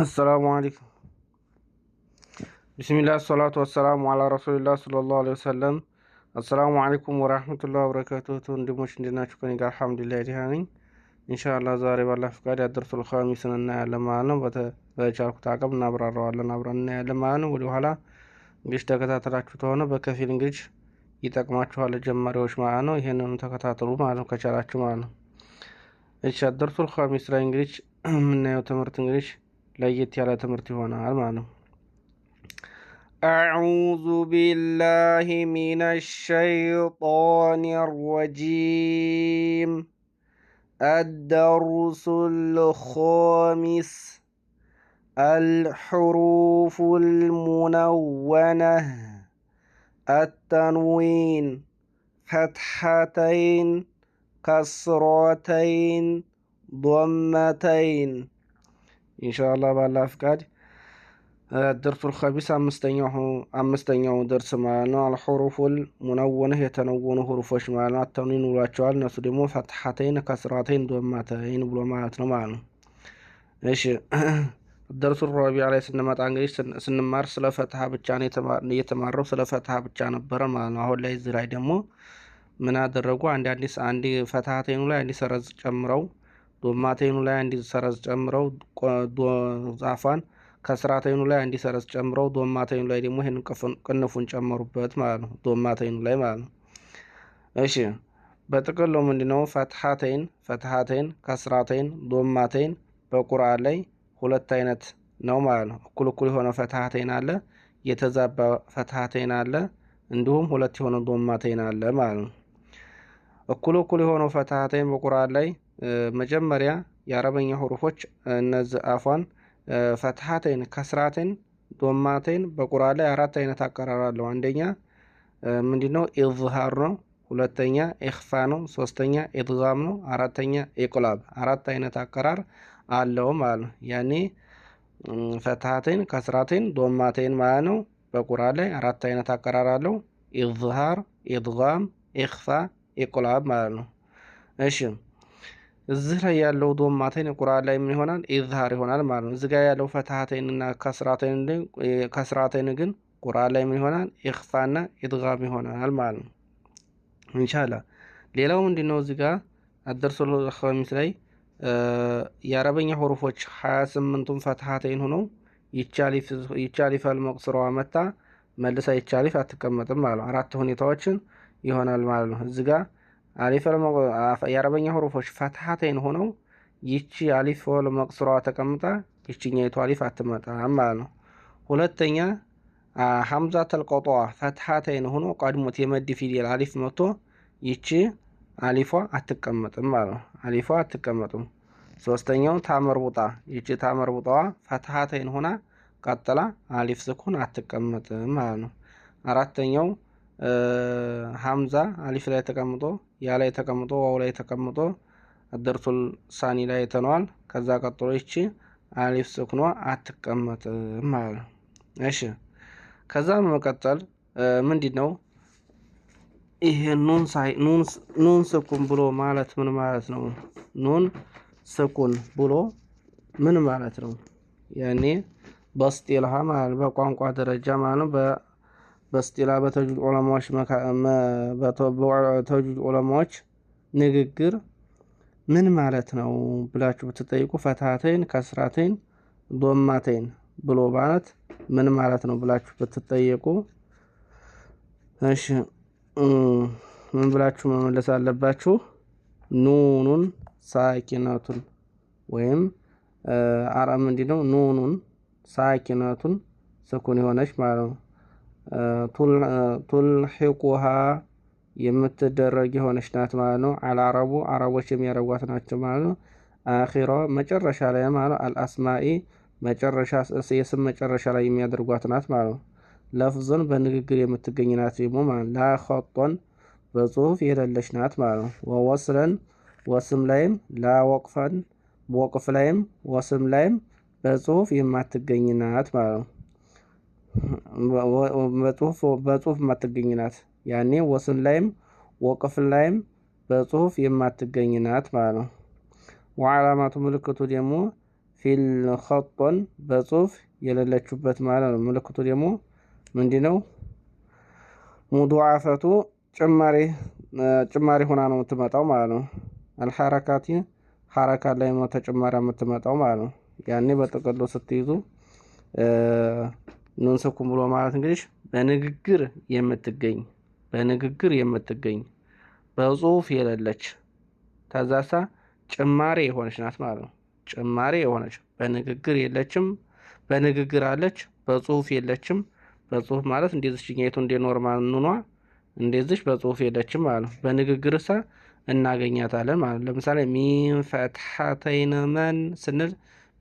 አሰላሙ አለይኩም ቢስሚላህ ሰላቱ ወሰላሙ አላ ረሱሊላህ ሰለላሁ አለይሂ ወሰለም። አሰላሙ አለይኩም ወራህመቱላህ ወበረካቱህ። ወንድሞች እንዴት ናችሁ? ከኔ ጋር አልሐምዱሊላህ ደህና ነኝ። ኢንሻአላህ ዛሬ ባላ ፍቃድ የደርሱል ኸሚስን እናያለን ማለት ነው። በቻልኩት አቅም እናብራራዋለን፣ አብረን እናያለን ማለት ነው። ወደኋላ እንግዲህ ተከታተላችሁ ተሆነ በከፊል እንግዲህ ይጠቅማችኋል፣ ጀማሪዎች ማለት ነው። ይህንኑ ተከታተሉ ማለት ነው፣ ከቻላችሁ ማለት ነው። እሺ አደርሱል ኸሚስ ላይ እንግዲህ የምናየው ትምህርት እንግዲህ ለየት على تمرت ይሆናል على ነው። أعوذ بالله من الشيطان الرجيم الدرس الخامس الحروف المنونة التنوين فتحتين كسرتين ዶመተይን ኢንሻአላህ ባላ ፍቃድ ደርሱል ከቢስ አምስተኛው ድርስ ማለት ነው። አልሑሩፉል ሙነወንህ የተነወኑ ሁሩፎች ማለት ነው። አተውኒን ብሏቸዋል። እነሱ ደግሞ ፈትሐተይን፣ ከስራተይን፣ ዶማተይን ብሎ ማለት ነው ማለት ነው። እሺ ደርሱል ረቢዕ ላይ ስንመጣ እንግዲህ ስንማር ስለ ፈትሐ ብቻ ነው እየተማረው ስለ ፈትሐ ብቻ ነበረ ማለት ነው። አሁን ላይ እዚህ ላይ ደግሞ ምን አደረጉ? አንድ ፈትሐተይኑ ላይ አንድ ሰረዝ ጨምረው ዶማቴኑ ላይ አንዲት ሰረዝ ጨምረው ዛፏን ከስራተይኑ ላይ አንዲት ሰረዝ ጨምረው ዶማቴኑ ላይ ደግሞ ይህን ቅንፉን ጨመሩበት ማለት ነው። ዶማቴኑ ላይ ማለት ነው። እሺ በጥቅሉ ምንድ ነው? ፈትሐተይን ፈትሐተይን ከስራተይን ዶማቴን በቁርአን ላይ ሁለት አይነት ነው ማለት ነው። እኩል እኩል የሆነ ፈትሐተይን አለ፣ የተዛባ ፈትሐተይን አለ፣ እንዲሁም ሁለት የሆነ ዶማቴን አለ ማለት ነው። እኩል እኩል የሆነው ፈትሐተይን በቁርአን ላይ መጀመሪያ የአረበኛ ሁሩፎች እነዚህ አፏን ፈትሐተይን፣ ከስራትን ዶማቴን በቁራ ላይ አራት አይነት አቀራር አለው። አንደኛ ምንድነው? ኢዝሃር ነው። ሁለተኛ ኢኽፋ ነው። ሶስተኛ ኢድጋም ነው። አራተኛ ኢቁላብ። አራት አይነት አቀራር አለው ማለት ነው። ያኔ ፈትሐተይን፣ ከስራትን፣ ዶማተይን ማለት ነው። በቁራ ላይ አራት አይነት አቀራር አለው። ኢዝሃር፣ ኢድጋም፣ ኢኽፋ፣ ኢቁላብ ማለት ነው። እሺ እዚህ ላይ ያለው ዶማተይን ቁርአን ላይ ምን ይሆናል? ኢዝሃር ይሆናል ማለት ነው። እዚህ ጋር ያለው ፈትሃተይንና ከስራተይን ግን ቁርአን ላይ ምን ይሆናል? ኢኽፋና ኢድጋም ይሆናል ማለት ነው። ኢንሻላ ሌላው ምንድን ነው? እዚህ ጋር አደርሶል ኸሚስ ላይ የአረበኛ ሁሩፎች ሀያ ስምንቱን ፈትሃተይን ሆነው ይቻሊፋል መቅስሯዋ መታ መልሳ ይቻሊፍ አትቀመጥም ማለት ነው። አራት ሁኔታዎችን ይሆናል ማለት ነው እዚህ ጋር አሊፍ የአረበኛ ሁሩፎች ፈትሐተይን ሆነው ይቺ አሊፍ ወል መቅሱራዋ ተቀምጣ ይችኛይቱ አሊፍ አትመጣም ማለት ነው። ሁለተኛ ሀምዛ ተልቆጧ ፈትሐተይን ሆኖ ቀድሞት የመድ ፊደል አሊፍ መጥቶ ይቺ አሊፏ አትቀመጥም ማለት ነው። አሊፏ አትቀመጥም። ሶስተኛው ታመርቡጣ ይቺ ታመርቡጣዋ ፈትሐተይን ሆና ቀጥላ አሊፍ ስኩን አትቀመጥም ማለት ነው። አራተኛው ሀምዛ አሊፍ ላይ ተቀምጦ ያ ላይ ተቀምጦ ዋው ላይ ተቀምጦ አደርቱል ሳኒ ላይ የተነዋል። ከዛ ቀጥሎ ይቺ አሊፍ ስክኗ አትቀመጥም ማለት ነው። እሺ ከዛ በመቀጠል ምንድን ነው ይሄ ኑን ስኩን ብሎ ማለት ምን ማለት ነው? ኑን ስኩን ብሎ ምን ማለት ነው? ያኔ በስጢልሃ ማለት በቋንቋ ደረጃ ማለት ነው በስጢላ በተጅዊድ ዑለማዎች በተጅዊድ ዑለማዎች ንግግር ምን ማለት ነው ብላችሁ ብትጠይቁ ፈትሐተይን ከስራተይን ዶማተይን ብሎ ማለት ምን ማለት ነው ብላችሁ ብትጠየቁ፣ እሺ ምን ብላችሁ መመለስ አለባችሁ? ኑኑን ሳኪነቱን ወይም አረም እንዲ ነው ኑኑን ሳኪነቱን ስኩን የሆነች ማለት ነው። ቱልሒቁሃ የምትደረግ የሆነች ናት ማለት ነው። አልአረቡ አረቦች የሚያደርጓት ናቸው ማለት ነው። አኺራ መጨረሻ ላይ ማለት ነው። አልአስማኢ መጨረሻ የስም መጨረሻ ላይ የሚያደርጓት ናት ማለት ነው። ለፍዞን በንግግር የምትገኝ ናት ደግሞ ማለት ነው። ላኸጦን በጽሁፍ የሌለች ናት ማለት ነው። ወወስለን ወስም ላይም ላወቅፈን ወቅፍ ላይም ወስም ላይም በጽሁፍ የማትገኝ ናት ማለት ነው። በጽሁፍ የማትገኝ ናት። ያኔ ወስን ላይም ወቅፍ ላይም በጽሁፍ የማትገኝ ናት ማለት ነው። ወዓላማቱ ምልክቱ ደግሞ ፊል ኸጦን በጽሁፍ የሌለችበት ማለት ነው። ምልክቱ ደግሞ ምንድ ነው? ሙዱዓፈቱ ጭማሪ ሆና ነው የምትመጣው ማለት ነው። አልሐረካቲ ሐረካ ላይ ተጨማሪ የምትመጣው ማለት ነው። ያኔ በጥቅሉ ስትይዙ ኑን ስኩን ብሎ ማለት እንግዲህ በንግግር የምትገኝ በንግግር የምትገኝ በጽሁፍ የሌለች ተዛሳ ጭማሬ የሆነች ናት ማለት ነው። ጭማሬ የሆነች በንግግር የለችም፣ በንግግር አለች፣ በጽሁፍ የለችም። በጽሁፍ ማለት እንደዚች ኛይቱ እንደ ኖርማል ኑኗ እንደዚች በጽሁፍ የለችም ማለት ነው። በንግግር ሳ እናገኛታለን ማለት ነው። ለምሳሌ ሚን ፈትሐተይን መን ስንል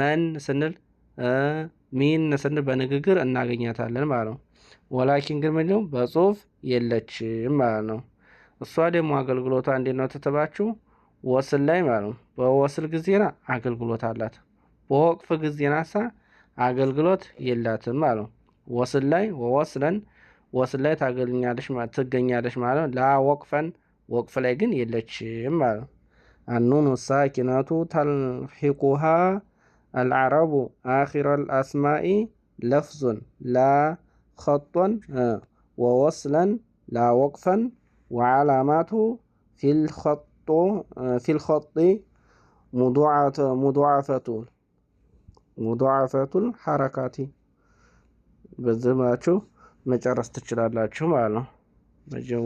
መን ስንል ሚን ሚነስን በንግግር እናገኛታለን ማለት ነው። ወላኪን ግን ምንድነው በጽሁፍ የለችም ማለት ነው። እሷ ደግሞ አገልግሎቷ እንዴት ነው ተተባችሁ ወስል ላይ ማለት ነው። በወስል ጊዜና አገልግሎት አላት። በወቅፍ ጊዜና ሳ አገልግሎት የላትም ማለት ነው። ወስል ላይ ወወስለን ወስል ላይ ታገኛለች ትገኛለች ማለት ነው። ላ ወቅፈን ወቅፍ ላይ ግን የለችም ማለት ነው። አኑኑ ሳኪናቱ ተልሒቁሃ العرب آخر الأسماء لفظ لا خطا آه، ووصلا لا وقفا وعلامات في الخط آه، في الخط مضاعفة مضاعفة مضاعفة الحركات በዚህ ብላችሁ መጨረስ ትችላላችሁ ማለት ነው።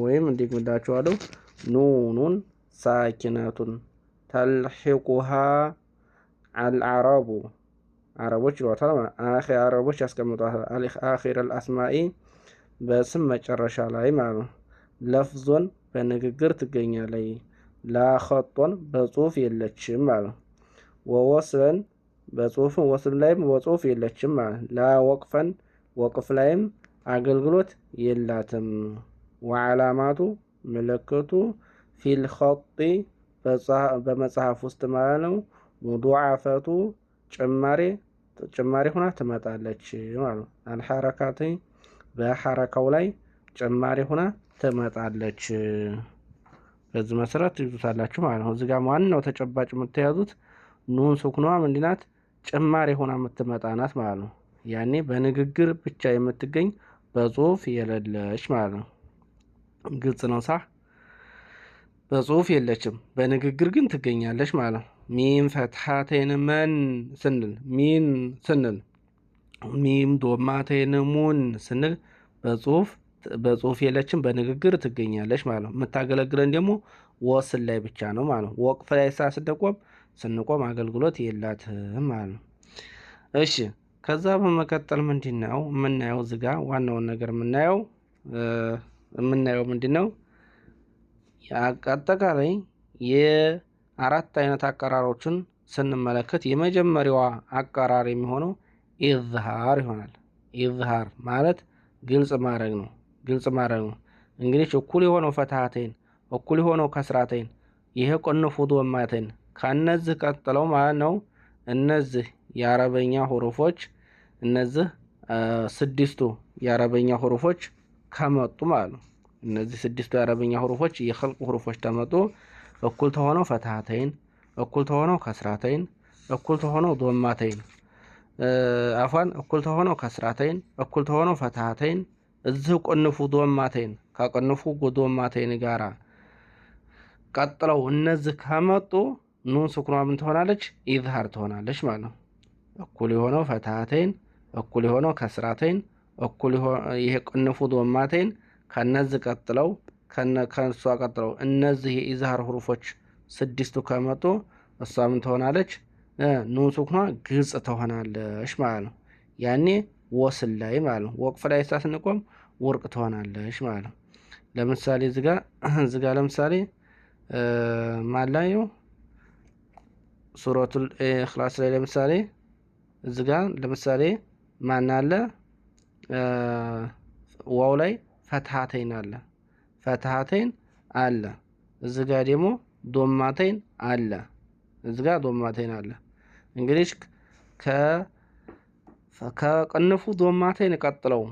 ወይም እንዲህ ምላችኋለሁ ኑኑን ሳኪነቱን ተልሒቁሃ አልአረቡ አረቦች ይሏታል። አረቦች ያስቀምጧታል። አኺር አልአስማኢ በስም መጨረሻ ላይ ማለት ነው። ለፍዞን በንግግር ትገኛለይ። ላኸጦን በጽሁፍ የለችም ማለት ነው። ወወስለን በጽሁፍ ወስል ላይም በጽሁፍ የለችም ማለት ነው። ላወቅፈን ወቅፍ ላይም አገልግሎት የላትም። ወዓላማቱ ምልክቱ ፊልኸጢ በመጽሐፍ ውስጥ ማለት ነው። ሙዱዓፈቱ ጭማሬ ጭማሪ ሁና ትመጣለች ማለት ነው። አንሐረካት በሐረካው ላይ ጭማሪ ሁና ትመጣለች። በዚህ መሰረት ይዙታላችሁ ማለት ነው። እዚህ ጋር ዋናው ተጨባጭ የምትያዙት ኑን ሱክኗ ምንድናት? ጭማሪ ሁና የምትመጣናት ማለት ነው። ያኔ በንግግር ብቻ የምትገኝ በጽሁፍ የሌለች ማለት ነው። ግልጽ ነው ሳ በጽሁፍ የለችም፣ በንግግር ግን ትገኛለች ማለት ነው። ሚም ፈትሐቴን መን ስንል ሚን ስንል ሚም ዶማቴን ሙን ስንል በጽሁፍ በጽሁፍ የለችም፣ በንግግር ትገኛለች ማለት ነው። የምታገለግለን ደግሞ ወስን ላይ ብቻ ነው ማለት ነው። ወቅፍ ላይ ሳ ስንቆም ስንቆም አገልግሎት የላትም ማለት ነው። እሺ ከዛ በመቀጠል ምንድነው የምናየው? ዝጋ ዋናውን ነገር የምናየው የምናየው ምንድነው አጠቃላይ የአራት አይነት አቀራሮችን ስንመለከት የመጀመሪያዋ አቀራር የሚሆነው ኢዝሃር ይሆናል። ኢዝሃር ማለት ግልጽ ማድረግ ነው። ግልጽ ማድረግ ነው። እንግዲህ እኩል የሆነው ፈትሐተይን፣ እኩል የሆነው ከስራተይን፣ ይሄ ቆነ ፉድ ወማተይን ከእነዚህ ቀጥለው ማለት ነው። እነዚህ የአረበኛ ሁሩፎች እነዚህ ስድስቱ የአረበኛ ሁሩፎች ከመጡ ማለት ነው እነዚህ ስድስቱ የአረብኛ ሁሩፎች የኸልቁ ሁሩፎች ተመጡ እኩል ተሆነው ፈትሃተይን፣ እኩል ተሆነው ከስራተይን፣ እኩል ተሆነው ዶማተይን አፏን እኩል ተሆነው ከስራተይን፣ እኩል ተሆነው ፈትሃተይን። እዚህ ቅንፉ ዶማተይን ከቅንፉ ዶማተይን ጋራ ቀጥለው እነዚህ ከመጡ ኑን ስኩኗ ምን ትሆናለች? ኢዝሃር ትሆናለች ማለት ነው። እኩል የሆነው ፈትሃተይን፣ እኩል የሆነው ከስራተይን፣ እኩል ይሄ ቅንፉ ዶማተይን ከነዚህ ቀጥለው ከእሷ ቀጥለው እነዚህ የኢዝሃር ሁሩፎች ስድስቱ ከመጡ እሷ ምን ትሆናለች? ንሱክኗ ግልጽ ትሆናለች ማለት ነው። ያኔ ወስል ላይ ማለት ነው። ወቅፍ ላይ ሳ ስንቆም ውርቅ ትሆናለች ማለት ነው። ለምሳሌ ዝጋ ለምሳሌ ማላዩ ሱረቱል ኢኽላስ ላይ ለምሳሌ እዚጋ ለምሳሌ ማናለ ዋው ላይ ፈትሃተይን አለ ፈትሃተይን አለ። እዚ ጋ ደግሞ ዶማተይን አለ። እዚ ጋ ዶማተይን አለ። እንግዲህ ከቅንፉ ዶማተይን ቀጥለው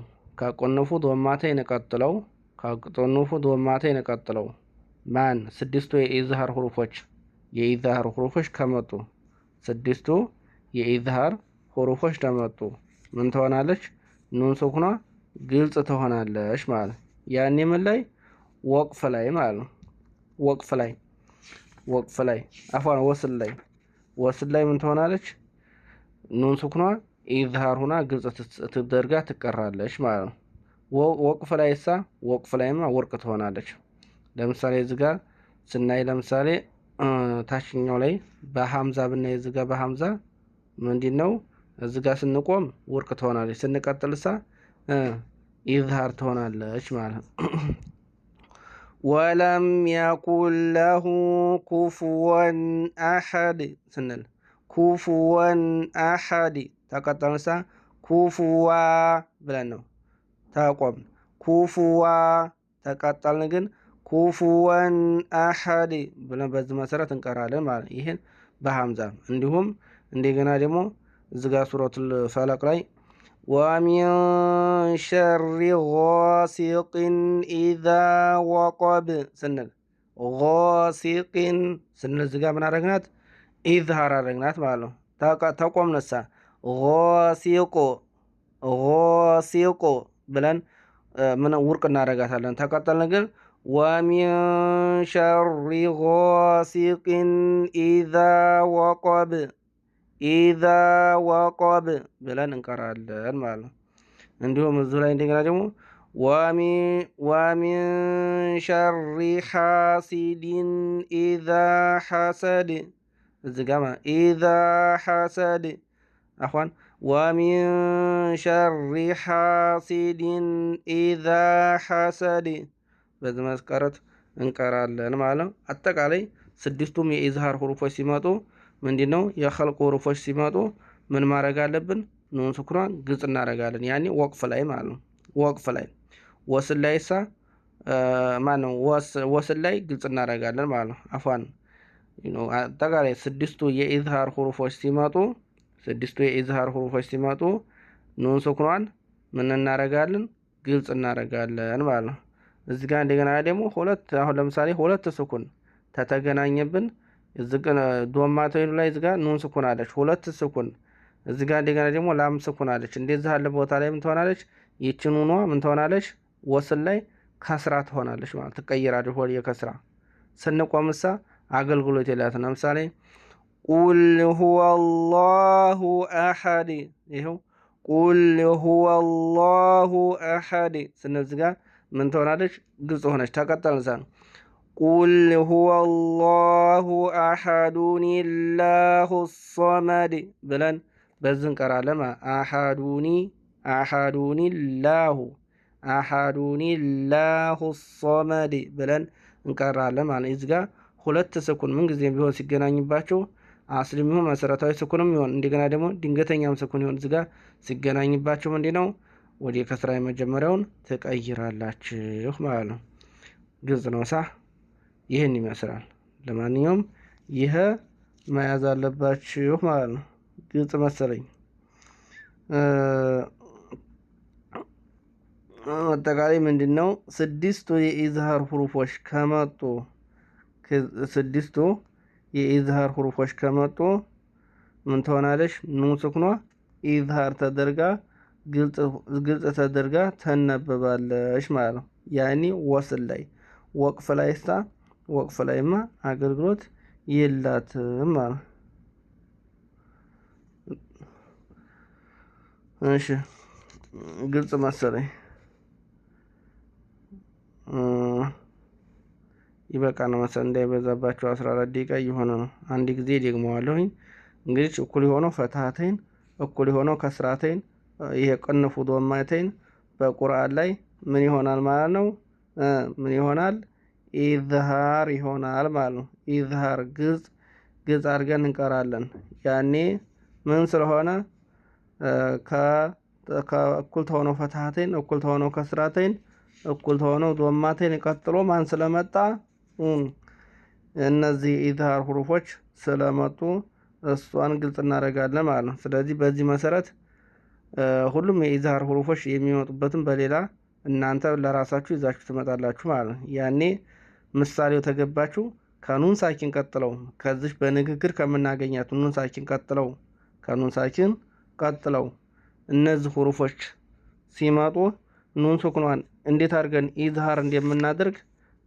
ከቅንፉ ዶማተይን ቀጥለው ከቅንፉ ዶማተይን ቀጥለው ማን ስድስቱ የኢዝሃር ሁሩፎች የኢዝሃር ሁሩፎች ከመጡ ስድስቱ የኢዝሃር ሁሩፎች ከመጡ ምን ትሆናለች? ኑን ሱኩኗ ግልጽ ትሆናለች ማለት ያኔ ምን ላይ ወቅፍ ላይ ማለት ነው። ወቅፍ ላይ ወቅፍ ላይ አፏን ወስል ላይ ወስል ላይ ምን ትሆናለች? ኑን ሱኩኗ ኢዝሃር ሁና ግልጽ ትደርጋ ትቀራለች ማለት ነው። ወቅፍ ላይ ሳ ወቅፍ ላይማ ወርቅ ትሆናለች። ለምሳሌ እዚህ ጋር ስናይ ለምሳሌ ታችኛው ላይ በሀምዛ ብናይ እዚህ ጋር በሀምዛ ምንድን ነው እዚህ ጋር ስንቆም ወርቅ ትሆናለች። ስንቀጥል ሳ ኢዝሃር ትሆናለች ማለት ነው። ወለም የቁል ለሁ ኩፍወን አሐድ ስንል ኩፍወን አሐድ ተቀጠምሳ ኩፍዋ ብለን ነው ተቆም ኩፍዋ ተቀጠልን ግን ኩፍወን አሐድ ብለን በዚህ መሰረት እንቀራለን ማለት ይህን በሀምዛ እንዲሁም እንደገና ደግሞ እዚጋ ሱረቱል ፈለቅ ላይ ومن شر غاسق إذا وقب سنة غاسق سنة زجاج من رجنات إذا رجنات مالو تاك تقوم نسا غاسق غاسق بلن آه، من ورك نارجع ثالن تاك تلنقل ومن شر غاسق إذا وقب ኢዛ ወቆብ ብለን እንቀራለን ማለት ነው። እንዲሁም እዙ ላይ እንደገና ደግሞ ወሚን ሸሪ ሓሲድን ኢዛ ሓሰድ እዚ ጋማ ኢዛ ሓሰድ አኳን ወሚን ሸሪ ሓሲድን ኢዛ ሓሰድ በዚ መስቀረት እንቀራለን ማለት ነው። አጠቃላይ ስድስቱም የኢዝሃር ሁሩፎች ሲመጡ ምንድን ነው የኸልቁ ሁሩፎች ሲመጡ ምን ማድረግ አለብን? ኑን ስኩኗን ግልጽ እናደርጋለን። ያኔ ወቅፍ ላይ ማለት ነው። ወቅፍ ላይ ወስን ላይ ሳ ማነው ወስን ላይ ግልጽ እናደርጋለን ማለት ነው። አፏን አጠቃላይ ስድስቱ የኢዝሃር ሁሩፎች ሲመጡ ስድስቱ የኢዝሃር ሁሩፎች ሲመጡ ኑን ስኩኗን ምን እናደርጋለን? ግልጽ እናደርጋለን ማለት ነው። እዚህ ጋር እንደገና ደግሞ ሁለት አሁን ለምሳሌ ሁለት ስኩን ተተገናኘብን እዝቅን ዶማ ላይ እዚጋ ኑን ስኩን አለች። ሁለት ስኩን እዚጋ እንደገና ደግሞ ላም ስኩን አለች። እንደዚህ ያለ ቦታ ላይ ምን ትሆናለች? ይቺ ኑኗ ምን ትሆናለች? ወስል ላይ ከስራ ትሆናለች ማለት ትቀይራለች። ወደ ከስራ ስንቆምሳ አገልግሎት የላት። ለምሳሌ ቁል ሁወ አላሁ አሐድ ይኸው ቁል ሁወ አላሁ አሐድ ስንል እዚጋ ምን ትሆናለች? ግልጽ ሆነች። ተቀጠል ነው قل هو الله አሐዱ ኢላሁ ሰመድ ብለን በዚህ እንቀራለን። አሐዱኒ አሐዱኒ ላሁ አሐዱኒ ላሁ ሰመድ ብለን እንቀራለን ማለት እዚህ ጋር ሁለት ስኩን ምን ጊዜም ቢሆን ሲገናኝባቸው አስልም ይሁን መሰረታዊ ስኩንም ይሆን እንደገና ደግሞ ድንገተኛም ስኩን ይሆን እዚህ ጋር ሲገናኝባቸው ምንድን ነው ወደ ከስራ የመጀመሪያውን ትቀይራላችሁ ማለት ነው። ግልጽ ነው ሳ ይህን ይመስላል። ለማንኛውም ይህ መያዝ አለባችሁ ማለት ነው። ግልጽ መሰለኝ። አጠቃላይ ምንድን ነው? ስድስቱ የኢዝሃር ሁሩፎች ከመጡ ስድስቱ የኢዝሃር ሁሩፎች ከመጡ ምን ትሆናለች? ኑስኩኗ ኢዝሃር ተደርጋ ግልጽ ተደርጋ ተነበባለች ማለት ነው። ያኒ ወስል ላይ ወቅፍ ላይ ስታ ወቅፍ ላይማ አገልግሎት የላትም ማለት እሺ ግልጽ መሰለኝ ይበቃ ነው መሰለኝ እንዳይበዛባቸው 14 ደቂቃ እየሆነ ነው አንድ ጊዜ ደግመዋለሁኝ እንግዲህ እኩል የሆነው ፈትሀተይን እኩል የሆነው ከስራተይን ይሄ ቅንፉ ዶማተይን በቁርአን ላይ ምን ይሆናል ማለት ነው ምን ይሆናል ኢዝሃር ይሆናል ማለት ነው። ኢዝሃር ግጽ ግጽ አድርገን እንቀራለን። ያኔ ምን ስለሆነ እኩል ተሆኖ ፈትሐተይን፣ እኩል ተሆኖ ከስራተይን፣ እኩል ተሆኖ ዶማተይን ቀጥሎ ማን ስለመጣ እነዚህ ኢዝሃር ሁሩፎች ስለመጡ እሷን ግልጽ እናደርጋለን ማለት ነው። ስለዚህ በዚህ መሰረት ሁሉም የኢዝሃር ሁሩፎች የሚመጡበትን በሌላ እናንተ ለራሳችሁ ይዛችሁ ትመጣላችሁ ማለት ነው ያኔ ምሳሌው ተገባችው ከኑን ሳኪን ቀጥለው ከዚህ በንግግር ከምናገኛት ኑን ሳኪን ቀጥለው ከኑን ሳኪን ቀጥለው እነዚህ ሁሩፎች ሲመጡ ኑን ሱክኗን እንዴት አድርገን ኢዝሃር እንደምናደርግ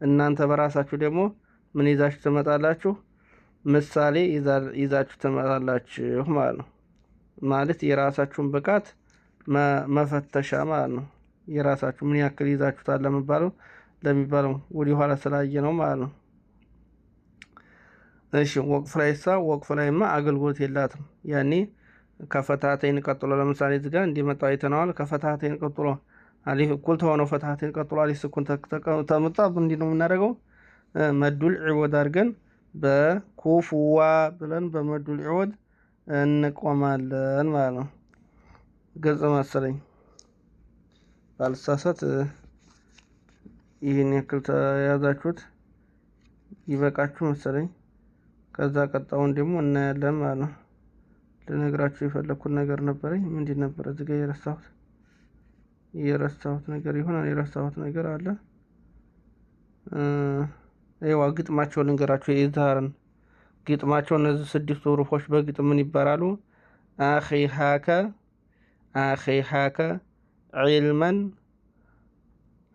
እናንተ በራሳችሁ ደግሞ ምን ይዛችሁ ትመጣላችሁ? ምሳሌ ይዛችሁ ትመጣላችሁ ማለት ነው። ማለት የራሳችሁን ብቃት መፈተሻ ማለት ነው። የራሳችሁ ምን ያክል ይዛችሁታል ለምባለው ለሚባለው ወደ ኋላ ስላየ ነው ማለት ነው። እሺ ወቅፍ ላይ ሳ ወቅፍ ላይማ አገልግሎት የላትም። ያኔ ከፈታተይን ቀጥሎ ለምሳሌ እዚህ እንዲመጣው እንዲመጣ አይተነዋል። ከፈታተይን ቀጥሎ አሊፍ እኩል ተሆነው ፈታተይን ቀጥሎ አሊፍ ስኩን ተምጣ እንዲህ ነው የምናደርገው። መዱል ዕወድ አድርገን በኩፉዋ ብለን በመዱል ዕወድ እንቆማለን ማለት ነው። ገጽ መሰለኝ ባልሳሳት ይህን ያክል ተያዛችሁት ይበቃችሁ መሰለኝ። ከዛ ቀጣውን ደግሞ እናያለን ማለት ነው። ልነግራችሁ የፈለግኩት ነገር ነበረኝ። ምንድን ነበረ እዚህ ጋር የረሳሁት የረሳሁት ነገር ይሆናል። የረሳሁት ነገር አለ። ይዋ ግጥማቸው ልንገራችሁ። የዛርን ግጥማቸው እነዚህ ስድስቱ ሩፎች በግጥም ምን ይባላሉ? አኺ ሀከ አኺ ሀከ ዒልመን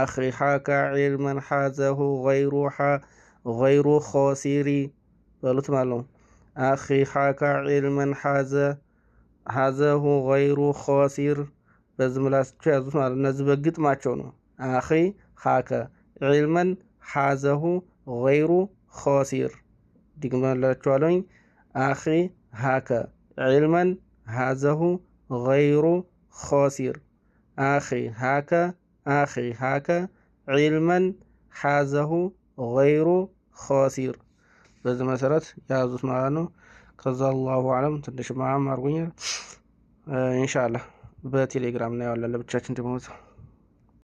አኺሓከ ዒልመን ሓዘሁ ገይሩ ኾሲሪ በሉት ማለት ነው። አኺሓከ ዒልመን ሓዘሁ ገይሩ ኾሲር በዚህ ምላሳቸው ያዙት ማለት እነዚህ በግጥማቸው ነው። አኺ ኻከ ዒልመን ሓዘሁ ገይሩ ኾሲር ድግመላችኋለኝ። አኺ ሃከ ዒልመን ሓዘሁ ገይሩ ኾሲር አኺ ሃከ አኺ ሀከ ዒልመን ሓዘሁ ገይሩ ኸሲር። በዚህ መሰረት የያዙት ማለት ነው። ከዛ አላሁ አለም ትንሽ ማም አርጉኛል። ኢንሻአላህ በቴሌግራም እናየዋለን ለብቻችን ትምህርት